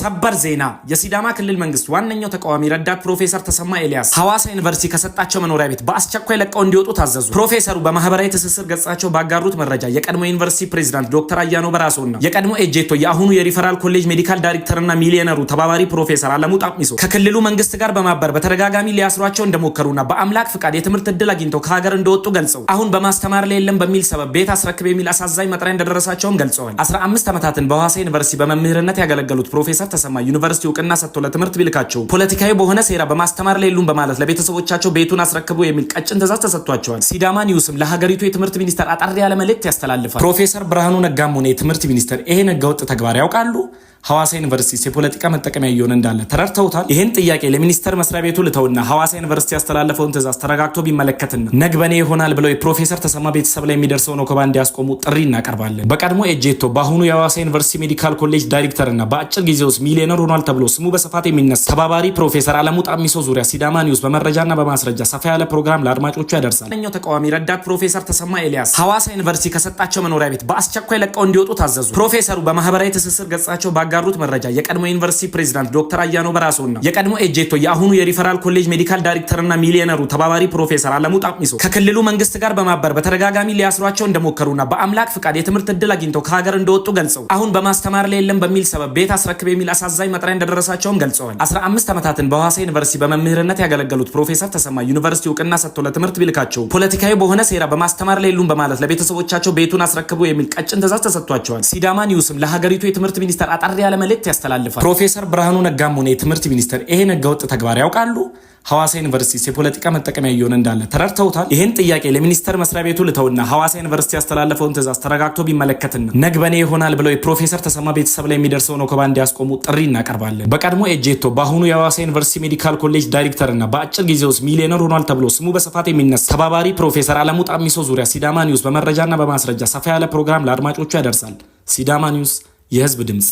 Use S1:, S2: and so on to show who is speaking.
S1: ሰበር ዜና የሲዳማ ክልል መንግስት ዋነኛው ተቃዋሚ ረዳት ፕሮፌሰር ተሰማ ኤልያስ ሐዋሳ ዩኒቨርሲቲ ከሰጣቸው መኖሪያ ቤት በአስቸኳይ ለቀው እንዲወጡ ታዘዙ። ፕሮፌሰሩ በማህበራዊ ትስስር ገጻቸው ባጋሩት መረጃ የቀድሞ ዩኒቨርሲቲ ፕሬዚዳንት ዶክተር አያኖ በራሶና የቀድሞ ኤጄቶ የአሁኑ የሪፈራል ኮሌጅ ሜዲካል ዳይሬክተርና ሚሊዮነሩ ተባባሪ ፕሮፌሰር አለሙ ጣሚሶ ከክልሉ መንግስት ጋር በማበር በተደጋጋሚ ሊያስሯቸው እንደሞከሩና በአምላክ ፍቃድ የትምህርት እድል አግኝተው ከሀገር እንደወጡ ገልጸው አሁን በማስተማር ላይ የለም በሚል ሰበብ ቤት አስረክብ የሚል አሳዛኝ መጥሪያ እንደደረሳቸውም ገልጸዋል። 15 ዓመታትን በሐዋሳ ዩኒቨርሲቲ በመምህርነት ያገለገሉት ፕሮፌሰር መሰረት ተሰማ ዩኒቨርሲቲ እውቅና ሰጥቶ ለትምህርት ቢልካቸው ፖለቲካዊ በሆነ ሴራ በማስተማር ላይ የሉም በማለት ለቤተሰቦቻቸው ቤቱን አስረክቡ የሚል ቀጭን ትእዛዝ ተሰጥቷቸዋል። ሲዳማ ኒውስም ለሀገሪቱ የትምህርት ሚኒስተር አጠር ያለ መልእክት ያስተላልፋል። ፕሮፌሰር ብርሃኑ ነጋም ሆነ የትምህርት ሚኒስተር ይሄን ህገወጥ ተግባር ያውቃሉ። ሐዋሳ ዩኒቨርሲቲ የፖለቲካ መጠቀሚያ እየሆነ እንዳለ ተረድተውታል። ይህን ጥያቄ ለሚኒስተር መስሪያ ቤቱ ልተውና ሐዋሳ ዩኒቨርሲቲ ያስተላለፈውን ትእዛዝ ተረጋግቶ ቢመለከትና ነግበኔ ይሆናል ብለው የፕሮፌሰር ተሰማ ቤተሰብ ላይ የሚደርሰውን ወከባ እንዲያስቆሙ ጥሪ እናቀርባለን። በቀድሞ ኤጄቶ በአሁኑ የሐዋሳ ዩኒቨርሲቲ ሜዲካል ኮሌጅ ዳይሬክተርና በአጭር ጊዜ ሚሊዮነር ሆኗል ተብሎ ስሙ በስፋት የሚነሳ ተባባሪ ፕሮፌሰር አለሙ ጣሚሶ ዙሪያ ሲዳማ ኒውስ በመረጃና በማስረጃ ሰፋ ያለ ፕሮግራም ለአድማጮቹ ያደርሳል። ኛው ተቃዋሚ ረዳት ፕሮፌሰር ተሰማ ኤልያስ ሐዋሳ ዩኒቨርሲቲ ከሰጣቸው መኖሪያ ቤት በአስቸኳይ ለቀው እንዲወጡ ታዘዙ። ፕሮፌሰሩ በማህበራዊ ትስስር ገጻቸው ባጋሩት መረጃ የቀድሞ ዩኒቨርሲቲ ፕሬዚዳንት ዶክተር አያኖ በራሶና የቀድሞ ኤጄቶ የአሁኑ የሪፈራል ኮሌጅ ሜዲካል ዳይሬክተርና ሚሊዮነሩ ተባባሪ ፕሮፌሰር አለሙ ጣሚሶ ከክልሉ መንግስት ጋር በማበር በተደጋጋሚ ሊያስሯቸው እንደሞከሩና በአምላክ ፍቃድ የትምህርት እድል አግኝተው ከሀገር እንደወጡ ገልጸው አሁን በማስተማር ላይ የለም በሚል ሰበብ ቤት አስረክብ የሚል የሚል አሳዛኝ መጠሪያ እንደደረሳቸውም ገልጸዋል። 15 ዓመታትን በሐዋሳ ዩኒቨርሲቲ በመምህርነት ያገለገሉት ፕሮፌሰር ተሰማ ዩኒቨርሲቲ እውቅና ሰጥቶ ለትምህርት ቢልካቸው ፖለቲካዊ በሆነ ሴራ በማስተማር ላይ የሉም በማለት ለቤተሰቦቻቸው ቤቱን አስረክቡ የሚል ቀጭን ትእዛዝ ተሰጥቷቸዋል። ሲዳማ ኒውስም ለሀገሪቱ የትምህርት ሚኒስተር አጠር ያለ መልእክት ያስተላልፋል። ፕሮፌሰር ብርሃኑ ነጋም ሆነ የትምህርት ሚኒስተር ይሄን ህገወጥ ተግባር ያውቃሉ? ሐዋሳ ዩኒቨርሲቲ የፖለቲካ መጠቀሚያ እየሆነ እንዳለ ተረድተውታል። ይህን ጥያቄ ለሚኒስቴር መስሪያ ቤቱ ልተውና ሐዋሳ ዩኒቨርሲቲ ያስተላለፈውን ትእዛዝ ተረጋግቶ ቢመለከትና ነግበኔ ይሆናል ብለው የፕሮፌሰር ተሰማ ቤተሰብ ላይ የሚደርሰውን ወከባ እንዲያስቆሙ ጥሪ እናቀርባለን። በቀድሞ ኤጄቶ በአሁኑ የሐዋሳ ዩኒቨርሲቲ ሜዲካል ኮሌጅ ዳይሬክተር እና በአጭር ጊዜ ውስጥ ሚሊዮነር ሆኗል ተብሎ ስሙ በስፋት የሚነሳ ተባባሪ ፕሮፌሰር አለሙ ጣሚሶ ዙሪያ ሲዳማ ኒውስ በመረጃና በማስረጃ ሰፋ ያለ ፕሮግራም ለአድማጮቹ ያደርሳል። ሲዳማ ኒውስ የህዝብ ድምፅ